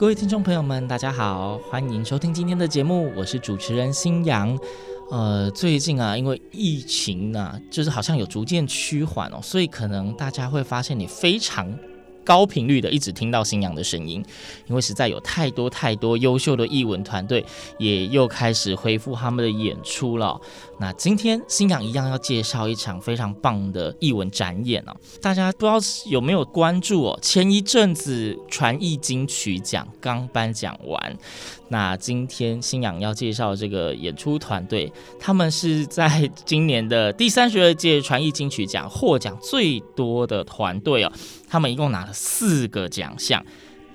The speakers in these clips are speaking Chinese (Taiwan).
各位聽眾朋友們，大家好，歡迎收聽今天的節目，我是主持人星洋。呃，最近啊，因為疫情啊，就是好像有逐漸趨緩哦，所以可能大家會發現你非常，高頻率的一直聽到星洋的聲音，因為實在有太多太多優秀的藝文團隊也又開始恢復他們的演出了喔。那今天星洋一樣要介紹一場非常棒的藝文展演啊，喔，大家不知道有沒有關注哦，喔？前一陣子傳藝金曲獎剛頒獎完，那今天星洋要介紹這個演出團隊，他們是在今年的第三十二屆傳藝金曲獎獲獎最多的團隊哦。他們一共拿了四個獎項。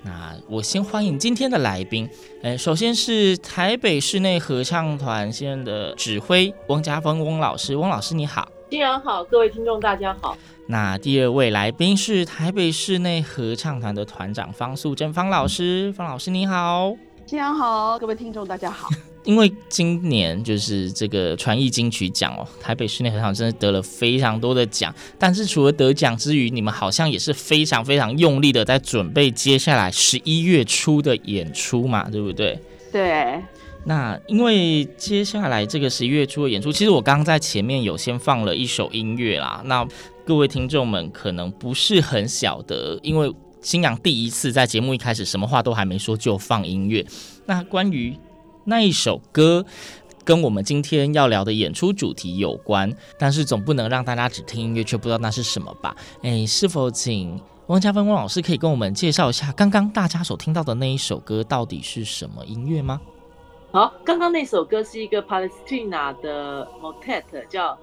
那我先歡迎今天的來賓，呃、首先是台北室內合唱團現任的指揮翁佳芬翁老師，翁老師你好，星洋好，各位聽眾大家好。那第二位來賓是台北室內合唱團的團長方素貞。方老師，方老師你好。大家好，各位聽眾大家好。 因為今年就是這個傳藝金曲獎哦、喔，台北室內合唱團真的得了非常多的獎。但是除了得獎之餘，你們好像也是非常非常用力的在準備接下來十一月初的演出嘛，對不對？對。那因為接下來這個十一月初的演出，其實我剛剛在前面有先放了一首音樂啦。那各位聽眾們可能不是很曉得，因為。星洋第一次在節目一開始，什麼話都還沒說就放音樂。那關於那一首歌，跟我們今天要聊的演出主題有關，但是總不能讓大家只聽音樂卻不知道那是什麼吧？哎、欸，是否請翁佳芬翁老師可以跟我們介紹一下剛剛大家所聽到的那一首歌到底是什麼音樂嗎？好、哦，剛剛那首歌是一個 Palestina 的 Motet，叫。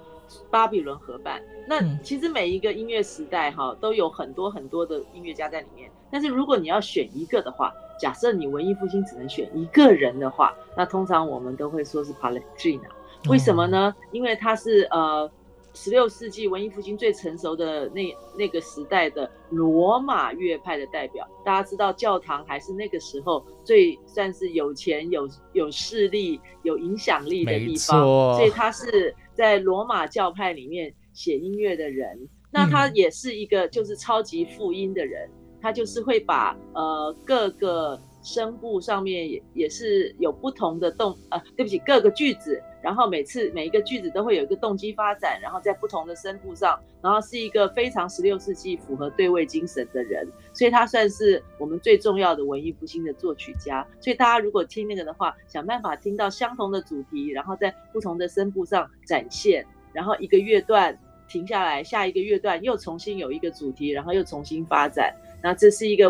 巴比倫河畔，那其實每一個音樂時代哈、嗯、都有很多很多的音樂家在裡面。但是如果你要選一個的話，假設你文藝復興只能選一個人的話，那通常我們都會說是 Palestrina。為什麼呢？嗯、因為他是呃十六世紀文藝復興最成熟的那那個時代的羅馬樂派的代表。大家知道教堂還是那個時候最算是有錢、有有勢力、有影響力的地方，所以他是。在羅馬教派裡面寫音樂的人，那他也是一個就是超級複音的人。嗯嗯他就是會把呃各個聲部上面也也是有不同的動呃，對不起，各個句子，然後每次每一個句子都會有一個動機發展，然後在不同的聲部上，然後是一個非常十六世紀符合對位精神的人，所以他算是我們最重要的文藝復興的作曲家。所以大家如果聽那個的話，想辦法聽到相同的主題，然後在不同的聲部上展現，然後一個樂段停下來，下一個樂段又重新有一個主題，然後又重新發展。那這是一個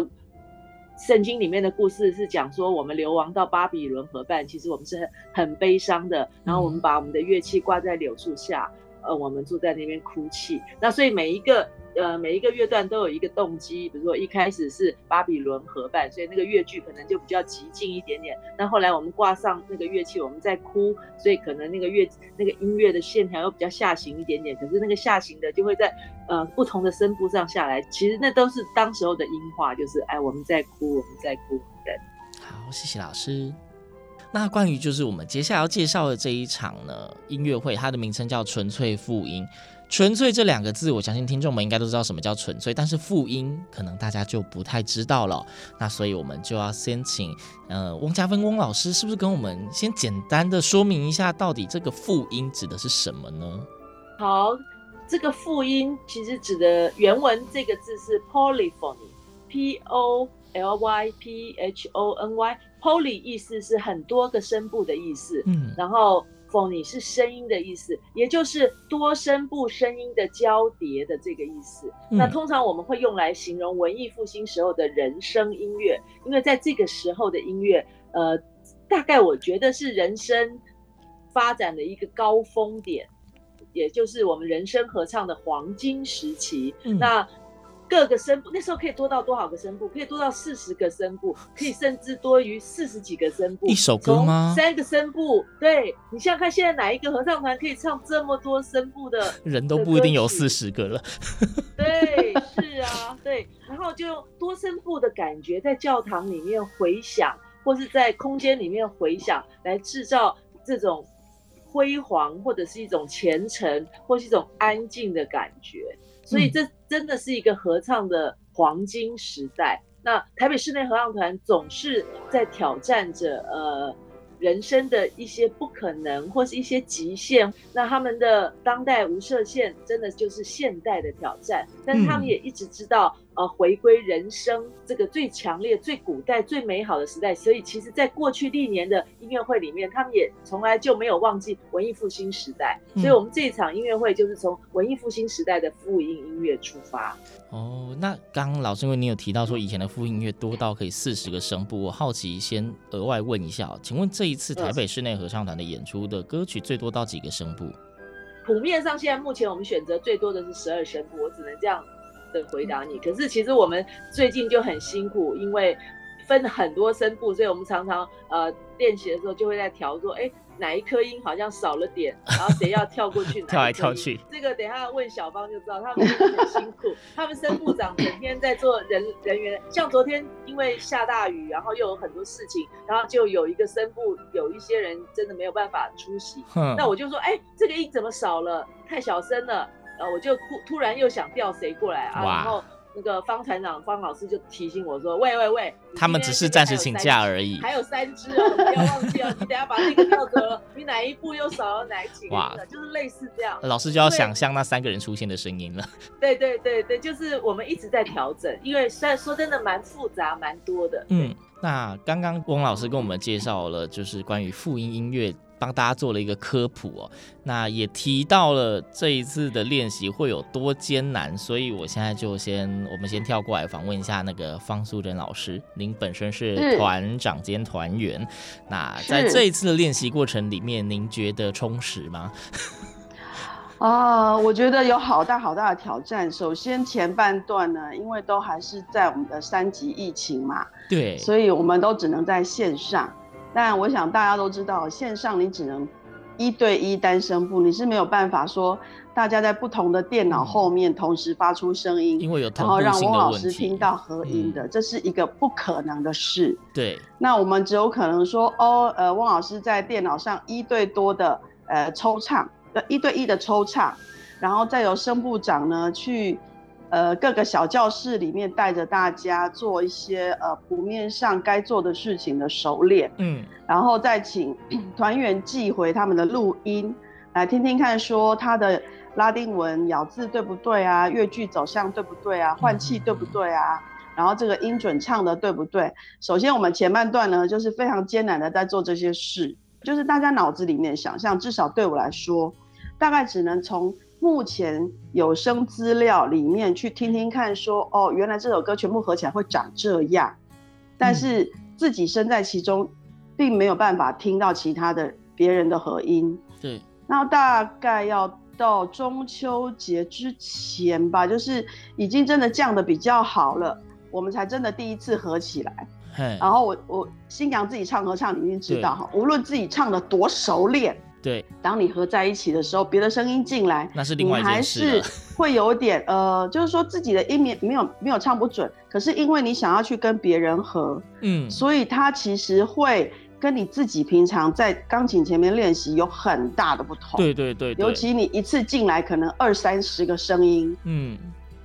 聖經裡面的故事，是講說我們流亡到巴比倫河畔，其實我們是很很悲傷的。然後我們把我們的樂器掛在柳樹下。呃，我們坐在那邊哭泣。那所以每一個呃每一個樂段都有一個動機，比如說一開始是巴比倫河畔，所以那個樂句可能就比較激進一點點。那後來我們掛上那個樂器，我們在哭，所以可能那個樂那個音樂的線條又比較下行一點點。可是那個下行的就會在呃不同的聲部上下來。其實那都是當時候的音畫，就是哎、呃、我們在哭，我們在哭。對，好，謝謝老師。那關於就是我們接下來要介紹的這一場呢，音樂會，它的名稱叫“純粹複音”。純粹這兩個字，我相信聽眾們應該都知道什麼叫純粹，但是複音可能大家就不太知道了。那所以我們就要先請，呃，翁佳芬翁老師，是不是跟我們先簡單的說明一下，到底這個複音指的是什麼呢？好，這個複音其實指的原文這個字是 polyphony，p o l y p h o n y。Poly 意思是很多個聲部的意思，嗯，然後 phony 是聲音的意思，也就是多聲部聲音的交疊的這個意思，嗯。那通常我們會用來形容文藝復興時候的人聲音樂，因為在這個時候的音樂，呃，大概我覺得是人聲發展的一個高峰點，也就是我們人聲合唱的黃金時期。嗯、那各個聲部，那時候可以多到多少個聲部？可以多到四十個聲部，可以甚至多於四十幾個聲部。一首歌嗎？三個聲部，對。你想想看現在哪一個合唱團可以唱這麼多聲部的？人都不一定有四十個了。 對，是啊，對。然後就用多聲部的感覺，在教堂裡面回響，或是在空間裡面回響，來製造這種輝煌，或者是一種虔誠，或是一種安靜的感覺。所以這真的是一個合唱的黃金時代。嗯、那台北室內合唱團總是在挑戰着呃人聲的一些不可能，或是一些極限。那他們的當代無設限真的就是現代的挑戰，但他們也一直知道。嗯呃，回歸人生這個最強烈、最古代、最美好的時代。所以，其實，在過去歷年的音樂會裡面，他們也從來就沒有忘記文藝復興時代。嗯。所以，我們這一場音樂會就是從文藝復興時代的複音音樂出發。哦，那剛老師，因為你有提到說以前的複音樂多到可以四十個聲部，我好奇，先額外問一下，請問這一次台北室內合唱團的演出的歌曲最多到幾個聲部？譜面上現在目前我們選擇最多的是十二聲部，我只能這樣。等回答你，可是其實我們最近就很辛苦，因為分很多聲部，所以我們常常呃練習的時候就會在調，作、欸、哎哪一顆音好像少了點，然後誰要跳過去哪 跳來跳去。這個等一下問小方就知道，他們真的很辛苦， 他們聲部長整天在做人 人員。像昨天因為下大雨，然後又有很多事情，然後就有一個聲部有一些人真的沒有辦法出席，那我就說哎、欸、這個音怎麼少了？太小聲了。呃，我就突突然又想調誰過來，啊。然後那個方團長、方老師就提醒我說：“喂喂喂，他們只是暫時請假而已。”還有三只哦、喔， 不要忘記哦、喔，你等下把那個調格，了，你哪一步又少了哪幾個？哇的，就是類似這樣。老師就要想象那三個人出現的聲音了。對，對對對對，就是我們一直在調整， 因為雖然說真的蠻複雜、蠻多的。嗯，那剛剛翁老師跟我們介紹了，就是關於複音音樂。幫大家做了一個科普哦，那也提到了這一次的練習會有多艱難，所以我現在就先我們先跳過來訪問一下那個方素貞老師，您本身是團長兼團員，那在這一次的練習過程裡面，您覺得充實嗎？啊、 uh,，我覺得有好大好大的挑戰。首先前半段呢，因為都還是在我們的三級疫情嘛，對，所以我們都只能在線上。但我想大家都知道，線上你只能一對一單聲部，你是沒有辦法說大家在不同的電腦後面同時發出聲音，嗯，因為有同步性的問題，然後讓翁老師聽到合音的，嗯，這是一個不可能的事。對，那我們只有可能說，哦，呃，翁老師在電腦上一對多的，呃，抽唱，呃，一對一的抽唱，然後再由聲部長呢去。呃，各個小教室裡面帶着大家做一些呃，譜面上該做的事情的熟練，嗯，然後再請團員寄回他們的錄音來聽聽看，說他的拉丁文咬字對不對啊，樂句走向對不對啊，換氣對不對啊，然後這個音準唱的對不對？首先我們前半段呢，就是非常艱難的在做這些事，就是大家腦子裡面想象，至少對我來說，大概只能從。目前有聲資料裡面去聽聽看說，說哦，原來這首歌全部合起來會長這樣，但是自己身在其中，並沒有辦法聽到其他的別人的合音。對，那大概要到中秋節之前吧，就是已經真的降得比較好了，我們才真的第一次合起來。然後我我星洋自己唱合唱，你一定知道哈，無論自己唱得多熟練。對，當你合在一起的時候，別的聲音進來，你還是會有點呃，就是說自己的音沒有沒有唱不準。可是因為你想要去跟別人合，嗯，所以它其實會跟你自己平常在鋼琴前面練習有很大的不同。對對對對，尤其你一次進來可能二三十個聲音，嗯，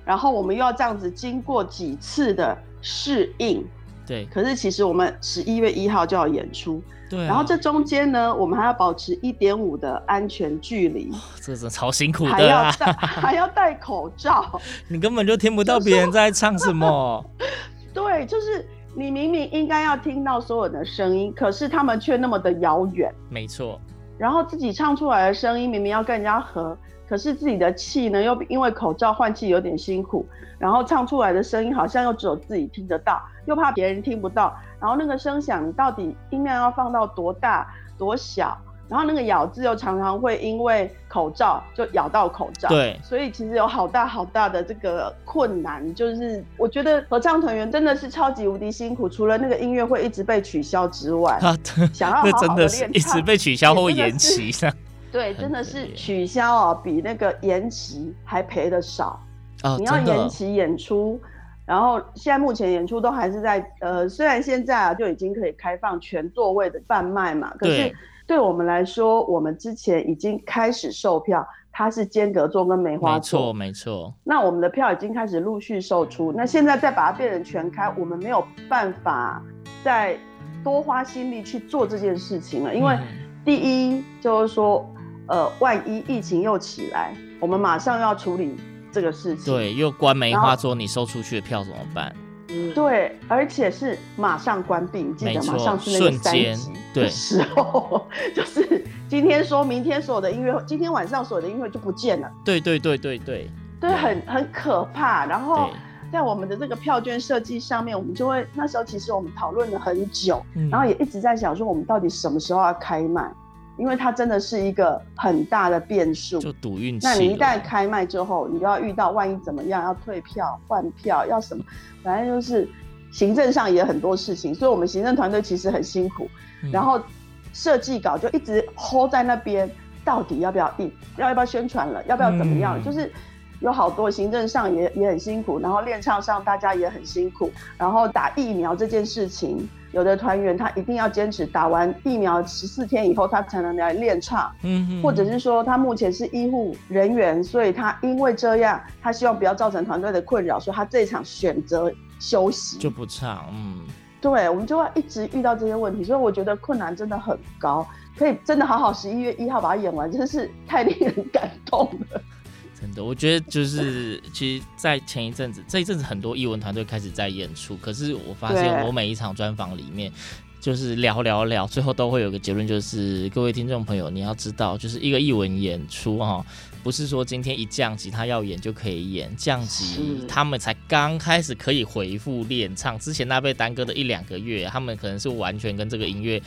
然後我們又要這樣子經過幾次的適應。對，可是其實我們十一月一號就要演出，對、啊，然後這中間呢，我們還要保持一點五的安全距離，哦、這真的超辛苦的啊，還要戴， 還要戴口罩，你根本就聽不到別人在唱什麼，就是、 對，就是你明明應該要聽到所有的聲音，可是他們卻那麼的遙遠，沒錯，然後自己唱出來的聲音明明要跟人家合。可是自己的氣呢，又因為口罩換氣有點辛苦，然後唱出來的聲音好像又只有自己聽得到，又怕別人聽不到，然後那個聲響你到底音量要放到多大多小？然後那個咬字又常常會因為口罩就咬到口罩。對，所以其實有好大好大的這個困難，就是我覺得合唱團員真的是超級無敵辛苦，除了那個音樂會一直被取消之外，啊、想要好好的練習 那真的是一直被取消或延期 對，真的是取消啊、哦，比那個延期，還賠得少、哦。你要延期演出，然後現在目前演出都還是在呃，雖然現在啊就已經可以開放全座位的販賣嘛，可是對我們來說，我們之前已經開始售票，它是間隔座跟梅花座沒錯，沒錯。那我們的票已經開始陸續售出，那現在再把它變成全開，我們沒有辦法再多花心力去做這件事情了，因為第一就是說。嗯呃，萬一疫情又起來，我們馬上要處理這個事情。對，又關梅花桌，你收出去的票怎麼辦？嗯，對，而且是馬上關閉，記得馬上次那個三級的時候，瞬間，對，就是今天說明天所有的音樂 今天晚上所有的音樂就不見了。對對對對對，對，對，很很可怕。然後在我們的這個票券設計上面，我們就會那時候其實我們討論了很久、嗯，然後也一直在想說，我們到底什麼時候要開賣？因為它真的是一個很大的變數，就賭運氣。那你一旦開賣之後，你都要遇到萬一怎麼樣，要退票、換票，要什麼，反正就是行政上也很多事情。所以我們行政團隊其實很辛苦，嗯、然後設計稿就一直 hold 在那邊，到底要不要印，要要不要宣傳了，要不要怎麼樣，嗯、就是有好多行政上也也很辛苦，然後練唱上大家也很辛苦，然後打疫苗這件事情。有的團員他一定要堅持打完疫苗十四天以後，他才能來練唱。嗯，或者是說他目前是醫護人員，所以他因為這樣，他希望不要造成團隊的困擾，所以他這一場選擇休息就不唱。嗯，對，我們就要一直遇到這些問題，所以我覺得困難真的很高，可以真的好好十一月一號把它演完，真是太令人感動了。我覺得就是，其實，在前一陣子，這一陣子很多藝文團隊開始在演出。可是我發現，我每一場專訪裡面，就是聊聊聊，最後都會有個結論，就是各位聽眾朋友，你要知道，就是一個藝文演出哈，不是說今天一降級他要演就可以演，降級他們才剛開始可以恢復練唱，之前那被耽擱的一兩個月，他們可能是完全跟這個音樂。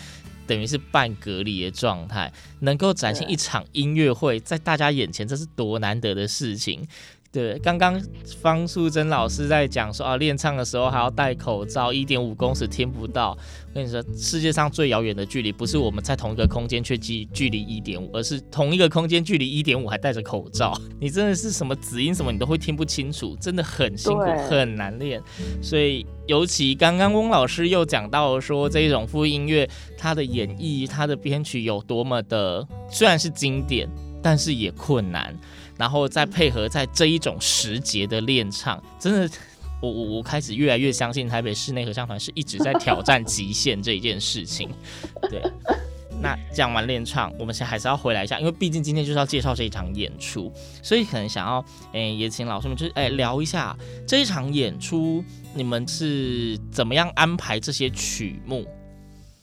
等於是半隔離的狀態，能夠展現一場音樂會，在大家眼前，這是多難得的事情。對，剛剛方素貞老師在講說啊，練唱的時候還要戴口罩，一點五公尺聽不到。我跟你說，世界上最遙遠的距離，不是我們在同一個空間卻距距離一點五，而是同一個空間距離一點五還戴着口罩。你真的是什麼子音什麼你都會聽不清楚，真的很辛苦，很難練。所以，尤其剛剛翁老師又講到說，這一種複音樂，它的演繹、它的編曲有多麼的，雖然是經典，但是也困難。然後再配合在這一種時節的練唱，真的，我我我開始越來越相信台北室內合唱團是一直在挑戰極限這一件事情。對，那講完練唱，我們先還是要回來一下，因為畢竟今天就是要介紹這一場演出，所以可能想要，哎、欸，也請老師們就是，哎、欸，聊一下這一場演出，你們是怎麼樣安排這些曲目？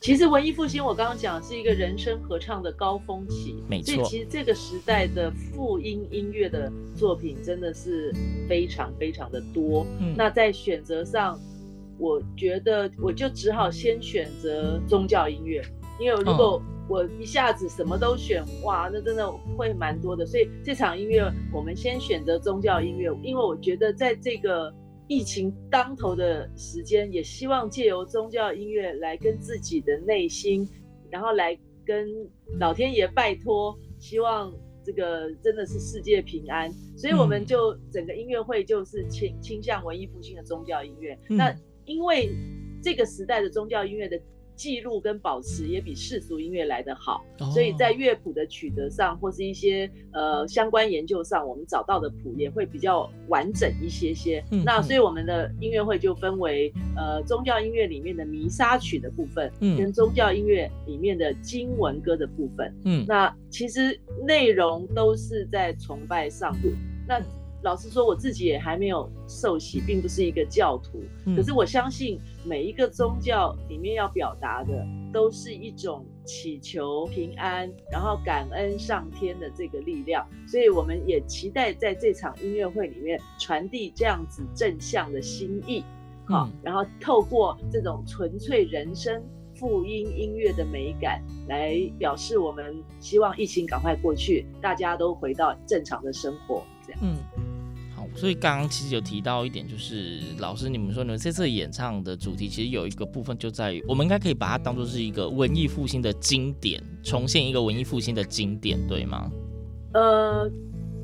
其實文藝復興，我剛剛講是一個人聲合唱的高峰期，沒錯。所以其實這個時代的複音音樂的作品真的是非常非常的多，嗯。那在選擇上，我覺得我就只好先選擇宗教音樂，因為如果我一下子什麼都選，嗯，哇，那真的會蠻多的。所以這場音樂我們先選擇宗教音樂，因為我覺得在這個。疫情當頭的時間，也希望借由宗教音樂來跟自己的內心，然後來跟老天爺拜託，希望這個真的是世界平安。所以我們就整個音樂會就是傾傾向文藝復興的宗教音樂。嗯。那因為這個時代的宗教音樂的。記錄跟保持也比世俗音樂來得好，所以在樂譜的取得上或是一些呃相關研究上，我們找到的譜也會比較完整一些些。嗯嗯那所以我們的音樂會就分為呃宗教音樂裡面的彌撒曲的部分，跟宗教音樂裡面的經文歌的部分。嗯、嗯，那其實內容都是在崇拜上主。那老實說，我自己也還沒有受洗，並不是一個教徒。嗯、可是我相信每一個宗教裡面要表達的，都是一種祈求平安，然後感恩上天的這個力量。所以我們也期待在這場音樂會裡面傳遞這樣子正向的心意，好、嗯，然後透過這種純粹人聲、複音音樂的美感，來表示我們希望疫情趕快過去，大家都回到正常的生活，這樣。嗯。所以剛剛其實有提到一點，就是老師你們說你們在這次演唱的主題，其實有一個部分就在於，我們應該可以把它當做是一個文藝復興的經典，重現一個文藝復興的經典，對嗎？呃。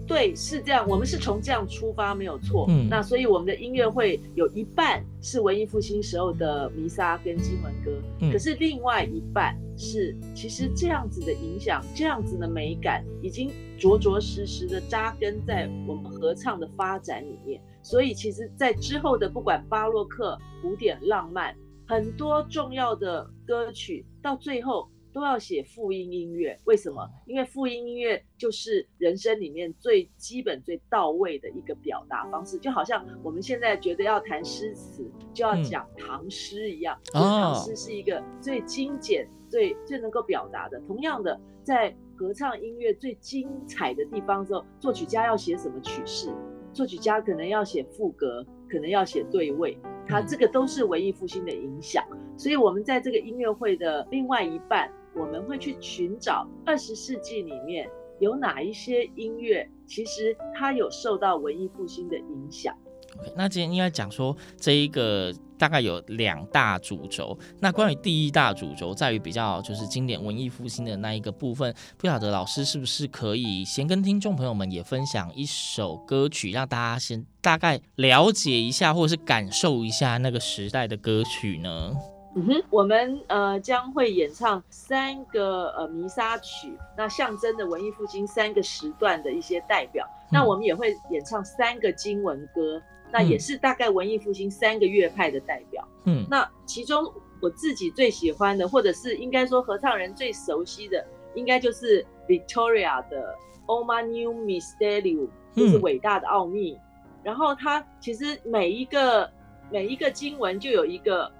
對，是這樣，我們是從這樣出發，沒有錯。嗯，那所以我們的音樂會有一半是文藝復興時候的彌撒跟經文歌，嗯、可是另外一半是其實這樣子的影響，這樣子的美感已經着着實實的扎根在我們合唱的發展裡面。所以其實，在之後的不管巴洛克、古典、浪漫，很多重要的歌曲到最後。都要寫複音音樂，為什麼？因為複音音樂就是人聲裡面最基本、最到位的一個表達方式，就好像我們現在覺得要談詩詞，就要講唐詩一樣。嗯、唐詩是一個最精簡、啊、最最能夠表達的。同樣的，在合唱音樂最精彩的地方之後，作曲家要寫什麼曲式？作曲家可能要寫賦格，可能要寫對位。它這個都是文藝復興的影響。所以，我們在這個音樂會的另外一半。我們會去尋找二十世紀裡面有哪一些音樂，其實它有受到文藝復興的影響。Okay, 那今天應該講說這一個大概有兩大主軸。那關於第一大主軸，在於比較就是經典文藝復興的那一個部分。不曉得老師是不是可以先跟聽眾朋友們也分享一首歌曲，讓大家先大概了解一下，或者是感受一下那個時代的歌曲呢？嗯哼，我們呃將會演唱三個呃彌撒曲，那象徵的文藝復興三個時段的一些代表。嗯。那我們也會演唱三個經文歌，那也是大概文藝復興三個樂派的代表。嗯，那其中我自己最喜歡的，或者是應該說合唱人最熟悉的，應該就是 Victoria 的 O Magnum Mysterium，就是偉大的奧秘。嗯。然後它其實每一個每一個經文就有一個。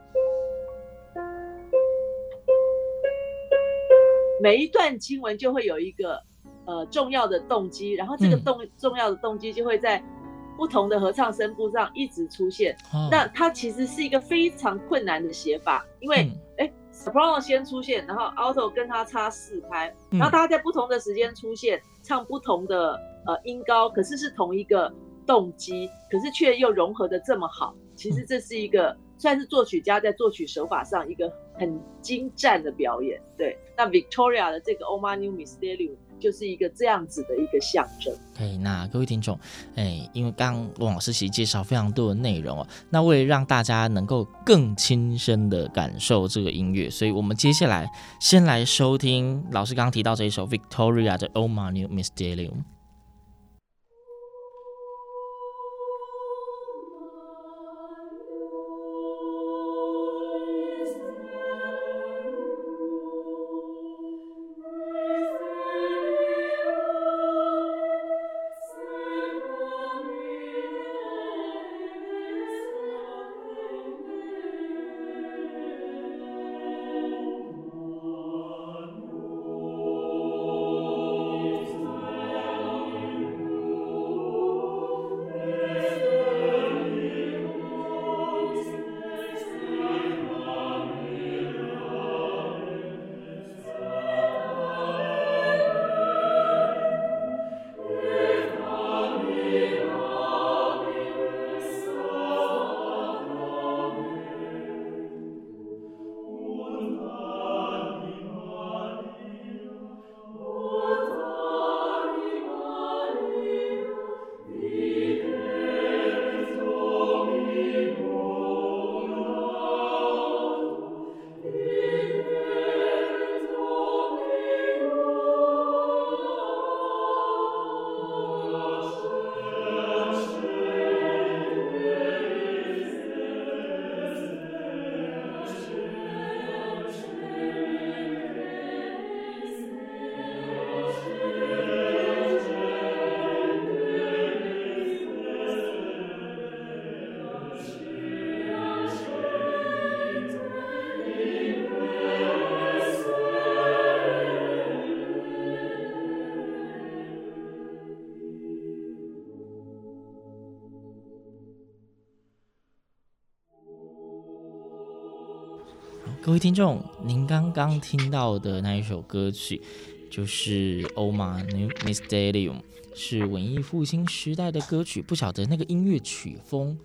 每一段經文就會有一個，呃，重要的動機，然後這個動、嗯、重要的動機就會在不同的合唱聲部上一直出現。那、哦、它其實是一個非常困難的寫法，因為，哎、嗯、，soprano 先出現，然後 alto 跟他差四拍、嗯，然後大家在不同的時間出現，唱不同的呃音高，可是是同一個動機，可是卻又融合的這麼好。其實這是一個、嗯、算是作曲家在作曲手法上一個。很精湛的表演，對。那 Victoria 的這個《O magnum mysterium》就是一個這樣子的一個象徵。以、okay，那各位聽眾，哎，因為剛翁老師其實介紹非常多的內容哦、啊。那為了讓大家能夠更親身的感受這個音樂，所以我們接下來先來收聽老師剛剛提到這一首 Victoria 的《O magnum mysterium》。各位聽眾，您剛剛聽到的那一首歌曲就是《O Magnum Mysterium》，是文藝復興時代的歌曲，不曉得那個音樂曲風。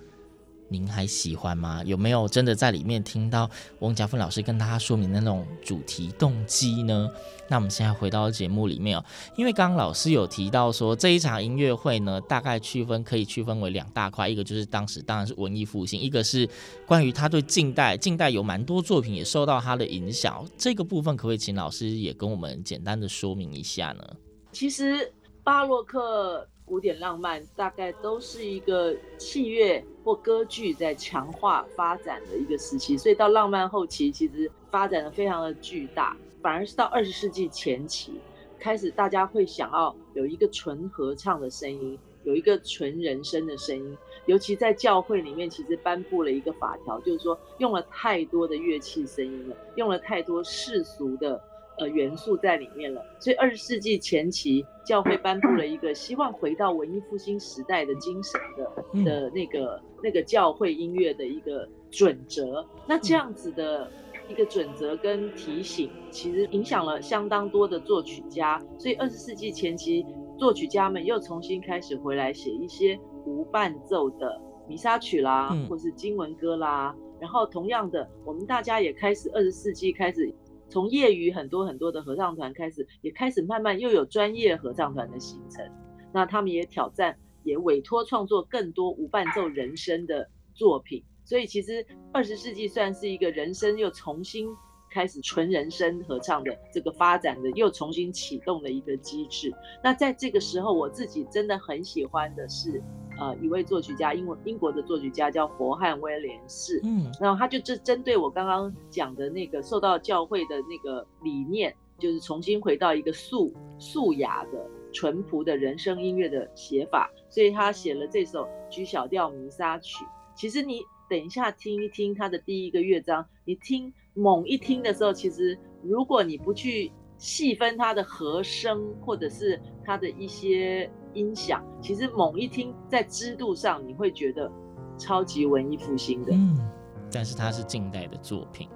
您還喜歡嗎？有沒有真的在裡面聽到翁佳芬老師跟大家說明的那種主題動機呢？那我們現在回到節目裡面哦、喔，因為剛剛老師有提到說這一場音樂會呢，大概區分可以區分為兩大塊，一個就是當時當然是文藝復興，一個是關於他對近代，近代有蠻多作品也受到他的影響，這個部分可不可以請老師也跟我們簡單的說明一下呢？其實巴洛克。古典浪漫大概都是一個器樂或歌劇在強化發展的一個時期，所以到浪漫後期其實發展的非常的巨大，反而是到二十世紀前期開始，大家會想要有一個純合唱的聲音，有一個純人聲的聲音，尤其在教會裡面，其實頒布了一個法條，就是說用了太多的樂器聲音了，用了太多世俗的。呃，元素在裡面了。所以二十世紀前期，教會頒布了一個希望回到文藝復興時代的精神的的那個那個教會音樂的一個準則。那這樣子的一個準則跟提醒，其實影響了相當多的作曲家。所以二十世紀前期，作曲家們又重新開始回來寫一些無伴奏的彌撒曲啦，或是經文歌啦、嗯。然後同樣的，我們大家也開始二十世紀開始。從業餘很多很多的合唱團開始，也開始慢慢又有專業合唱團的形成。那他們也挑戰，也委托創作更多無伴奏人聲的作品。所以其實二十世紀算是一個人聲又重新開始純人聲合唱的這個發展的又重新啟動的一個機制。那在這個時候，我自己真的很喜歡的是。呃，一位作曲家，英國英國的作曲家叫佛漢威廉士，嗯，然後他就針針對我剛剛講的那個受到教會的那個理念，就是重新回到一個素素雅的淳樸的人聲音樂的寫法，所以他寫了這首 G 小調彌撒曲。其實你等一下聽一聽他的第一個樂章，你聽猛一聽的時候，其實如果你不去細分它的和聲或者是它的一些。音響其實猛一聽，在織度上你會覺得超級文藝復興的，嗯，但是它是近代的作品，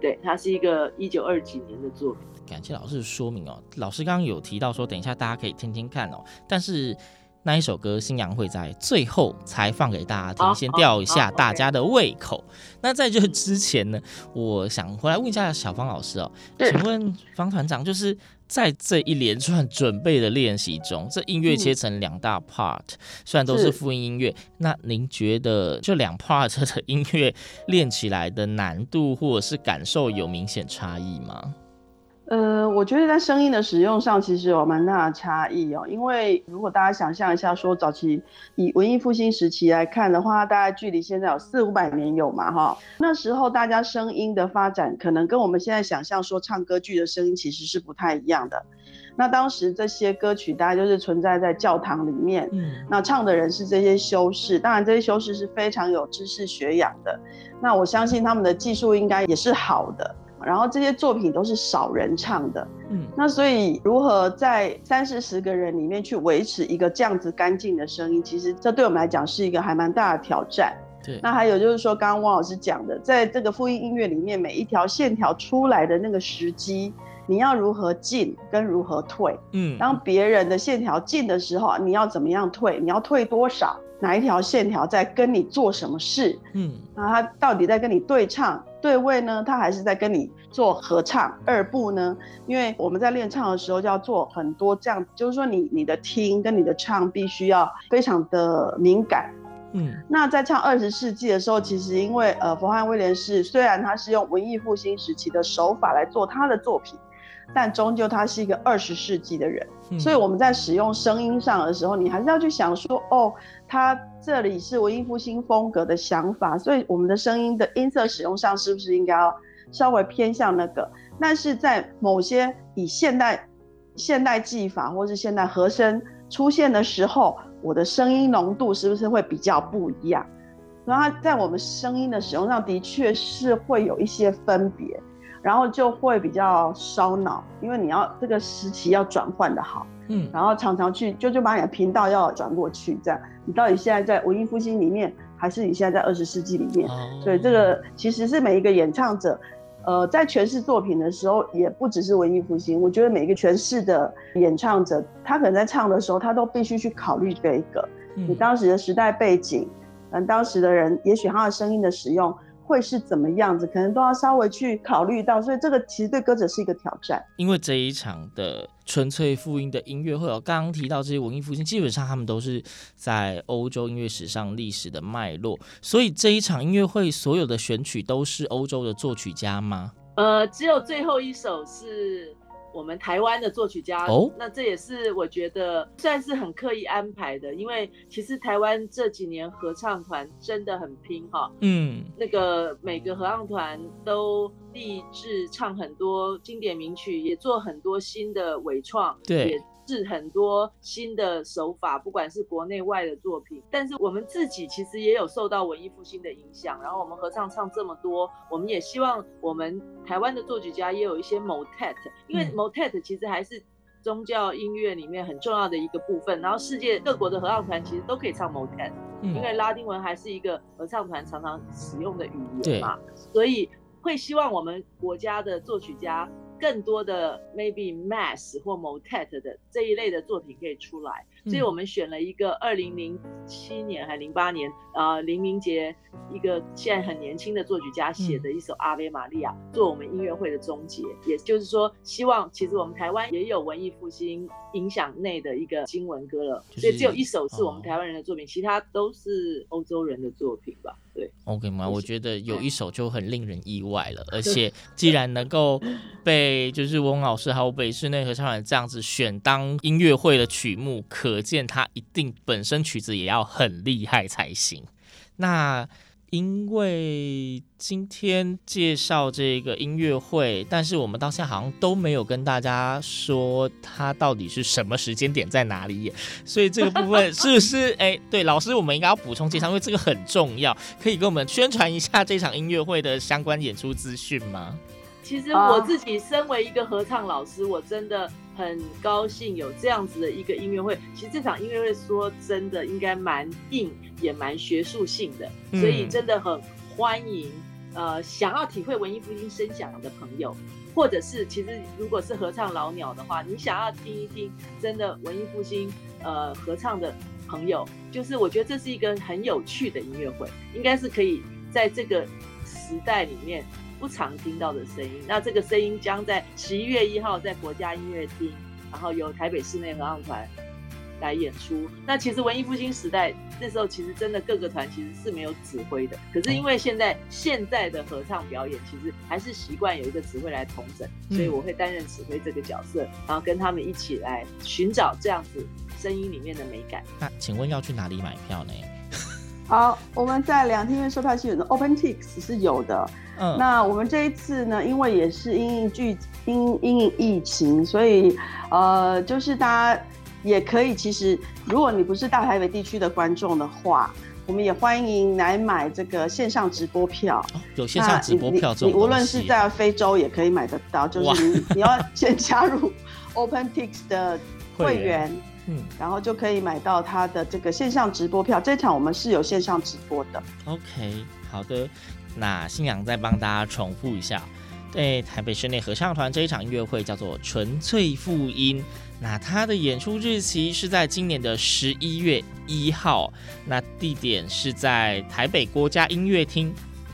對，它是一個一九二幾年的作品。感謝老師的說明哦，老師剛剛有提到說，等一下大家可以聽聽看哦，但是那一首歌《新娘》會在最後才放給大家聽，哦，先吊一下大家的胃口，哦哦 okay。那在這之前呢，我想回來問一下小方老師哦，請問方團長就是。嗯就是在這一連串準備的練習中，這音樂切成兩大 part，嗯，雖然都是複音音樂，那您覺得就兩 part 的音樂練起來的難度或者是感受有明顯差異嗎？呃，我覺得在聲音的使用上，其實有蠻大的差異哦。因為如果大家想象一下，說早期以文藝復興時期來看的話，大概距離現在有四五百年有嘛哈哦。那時候大家聲音的發展，可能跟我們現在想象說唱歌劇的聲音其實是不太一樣的。那當時這些歌曲大家就是存在在教堂裡面，嗯，那唱的人是這些修士，當然這些修士是非常有知識學養的。那我相信他們的技術應該也是好的。然後這些作品都是少人唱的，嗯，那所以如何在三四十個人裡面去維持一個這樣子乾淨的聲音，其實這對我們來講是一個還蠻大的挑戰。對，那還有就是說，剛剛翁老師講的，在這個複音音樂裡面，每一條線條出來的那個時機，你要如何進跟如何退？嗯，當別人的線條進的時候，你要怎麼樣退？你要退多少？哪一條線條在跟你做什麼事？嗯，那他到底在跟你對唱對位呢？他還是在跟你做合唱二部呢？因為我們在練唱的時候，就要做很多這樣，就是說你你的聽跟你的唱必須要非常的敏感。嗯，那在唱二十世紀的時候，其實因為呃，佛漢威廉士雖然他是用文藝復興時期的手法來做他的作品，但終究他是一個二十世紀的人，嗯，所以我們在使用聲音上的時候，你還是要去想說哦。它這裡是文藝復興風格的想法，所以我們的聲音的音色使用上是不是應該要稍微偏向那個？但是在某些以現代現代技法或是現代和聲出現的時候，我的聲音濃度是不是會比較不一樣？然後在我們聲音的使用上的確是會有一些分別。然後就會比較燒腦，因為你要這個時期要轉換得好，嗯，然後常常去就就把你的頻道要轉過去，這樣你到底現在在文藝復興裡面，還是你現在在二十世紀裡面？嗯，所以這個其實是每一個演唱者，呃，在詮釋作品的時候，也不只是文藝復興。我覺得每一個詮釋的演唱者，他可能在唱的時候，他都必須去考慮這一個。嗯，你當時的時代背景，嗯，當時的人，也許他的聲音的使用，會是怎麼樣子？可能都要稍微去考慮到，所以這個其實對歌者是一個挑戰。因為這一場的純粹複音的音樂會，我剛剛提到這些文藝復興，基本上他們都是在歐洲音樂史上歷史的脈絡。所以這一場音樂會所有的選曲都是歐洲的作曲家嗎？呃，只有最後一首是，我們台灣的作曲家。哦，那這也是我覺得算是很刻意安排的，因為其實台灣這幾年合唱團真的很拼哈，嗯，那個每個合唱團都立志唱很多經典名曲，也做很多新的委創，對。是很多新的手法，不管是國內外的作品。但是我們自己其實也有受到文藝復興的影響。然後我們合唱唱這麼多，我們也希望我們台灣的作曲家也有一些 motet，因為 motet 其實還是宗教音樂裡面很重要的一個部分。然後世界各國的合唱團其實都可以唱 motet，因為拉丁文還是一個合唱團常常使用的語言嘛。所以會希望我們國家的作曲家，更多的 maybe mass 或 motet 的這一類的作品可以出來。所以我們選了一個二零零七年還是零八年啊林明杰，一個現在很年輕的作曲家寫的一首《阿維瑪利亞》做我們音樂會的終結，也就是說，希望其實我們台灣也有文藝復興影響內的一個經文歌了、就是。所以只有一首是我們台灣人的作品，哦、其他都是歐洲人的作品吧？對。OK 嗎、就是？我覺得有一首就很令人意外了，嗯、而且既然能夠被就是翁老師 還有北室內合唱團這樣子選當音樂會的曲目，可可見他一定本身曲子也要很厲害才行。那因為今天介紹這個音樂會，但是我們到現在好像都沒有跟大家說他到底是什麼時間點在哪裡演，所以這個部分是不是？哎、 欸，對，老師，我們應該要補充介紹，因為這個很重要，可以給我們宣傳一下這場音樂會的相關演出資訊嗎？其實我自己身為一個合唱老師，我真的。很高興有這樣子的一個音樂會。其實這場音樂會說真的應該蠻硬，也蠻學術性的，嗯，所以真的很歡迎。呃，想要體會文藝復興聲響的朋友，或者是其實如果是合唱老鳥的話，你想要聽一聽真的文藝復興呃合唱的朋友，就是我覺得這是一個很有趣的音樂會，應該是可以在這個時代裡面，不常聽到的聲音，那這個聲音將在十一月一號在國家音樂廳，然後由台北室內合唱團來演出。那其實文藝復興時代那時候，其實真的各個團其實是沒有指揮的。可是因為現在、哎、現在的合唱表演，其實還是習慣有一個指揮來統整，所以我會擔任指揮這個角色，嗯、然後跟他們一起來尋找這樣子聲音裡面的美感。那請問要去哪裡買票呢？好，我們在兩廳院售票系統的 OpenTix 是有的。嗯，那我們這一次呢，因為也是因應疫、因因應疫、疫情，所以呃，就是大家也可以，其實如果你不是大台北地區的觀眾的話，我們也歡迎來買這個線上直播票。哦、有線上直播票，那你，哦、有線上直播票這種東西啊、你無論是在非洲也可以買得到，就是你你要先加入 OpenTix 的。會員，會員，嗯，然後就可以買到他的這個線上直播票。這場我們是有線上直播的。OK，好的，那星洋再幫大家重複一下，對，台北室內合唱團這一場音樂會叫做《純粹複音》，那他的演出日期是在今年的十一月一號，那地點是在台北國家音樂廳，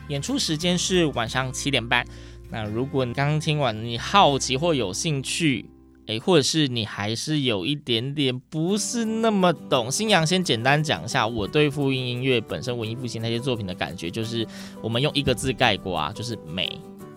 演出時間是晚上七點半。那如果你剛剛聽完，你好奇或有興趣。或者是你還是有一點點不是那麼懂。星洋先簡單講一下我對複音音樂本身，文藝復興那些作品的感覺，就是我們用一個字概括啊，就是美。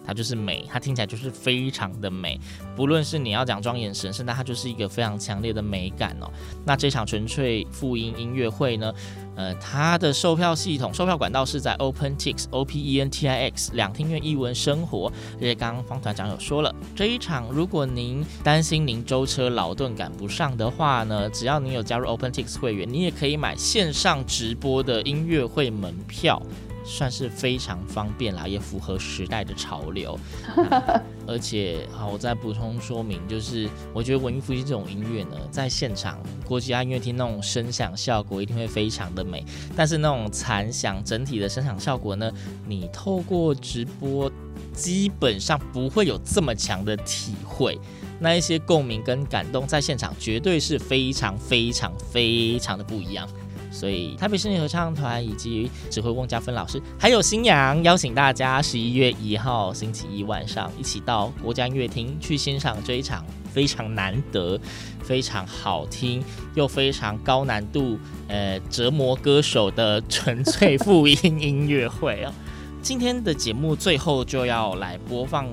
它就是美，它聽起來就是非常的美，不論是你要講莊嚴神聖，甚至它就是一個非常強烈的美感哦。那這場純粹複音音樂會呢，呃，它的售票系統、售票管道是在 OpenTix，O P E N T I X 兩廳院藝文生活。而且剛剛方團長有說了，這一場如果您擔心您舟車勞頓趕不上的話呢，只要你有加入 OpenTix 會員，你也可以買線上直播的音樂會門票。算是非常方便啦，也符合時代的潮流。 啊、而且，好，我再補充說明，就是我覺得文藝復興這種音樂呢，在現場國家音樂廳那種聲響效果一定會非常的美。但是那種殘響整體的聲響效果呢，你透過直播基本上不會有這麼強的體會。那一些共鳴跟感動在現場絕對是非常非常非常的不一樣。所以台北室內合唱團以及指揮翁佳芬老師，還有星洋，邀請大家十一月一號星期一晚上，一起到國家音樂廳去欣賞這一場非常難得、非常好聽又非常高難度、呃折磨歌手的純粹複音音樂會哦、啊。 今天的節目最後就要來播放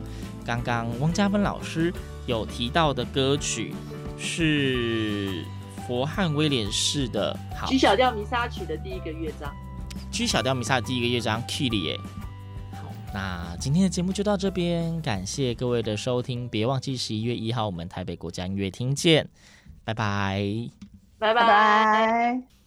剛剛翁佳芬老師有提到的歌曲，是。佛漢威廉士的好 G 小調彌撒曲的第一個樂章，G 小調彌撒的第一個樂章 Kyrie，哎，好，那今天的節目就到這邊，感謝各位的收聽，別忘記十一月一號我們台北國家音樂廳見，拜拜，拜拜。Bye bye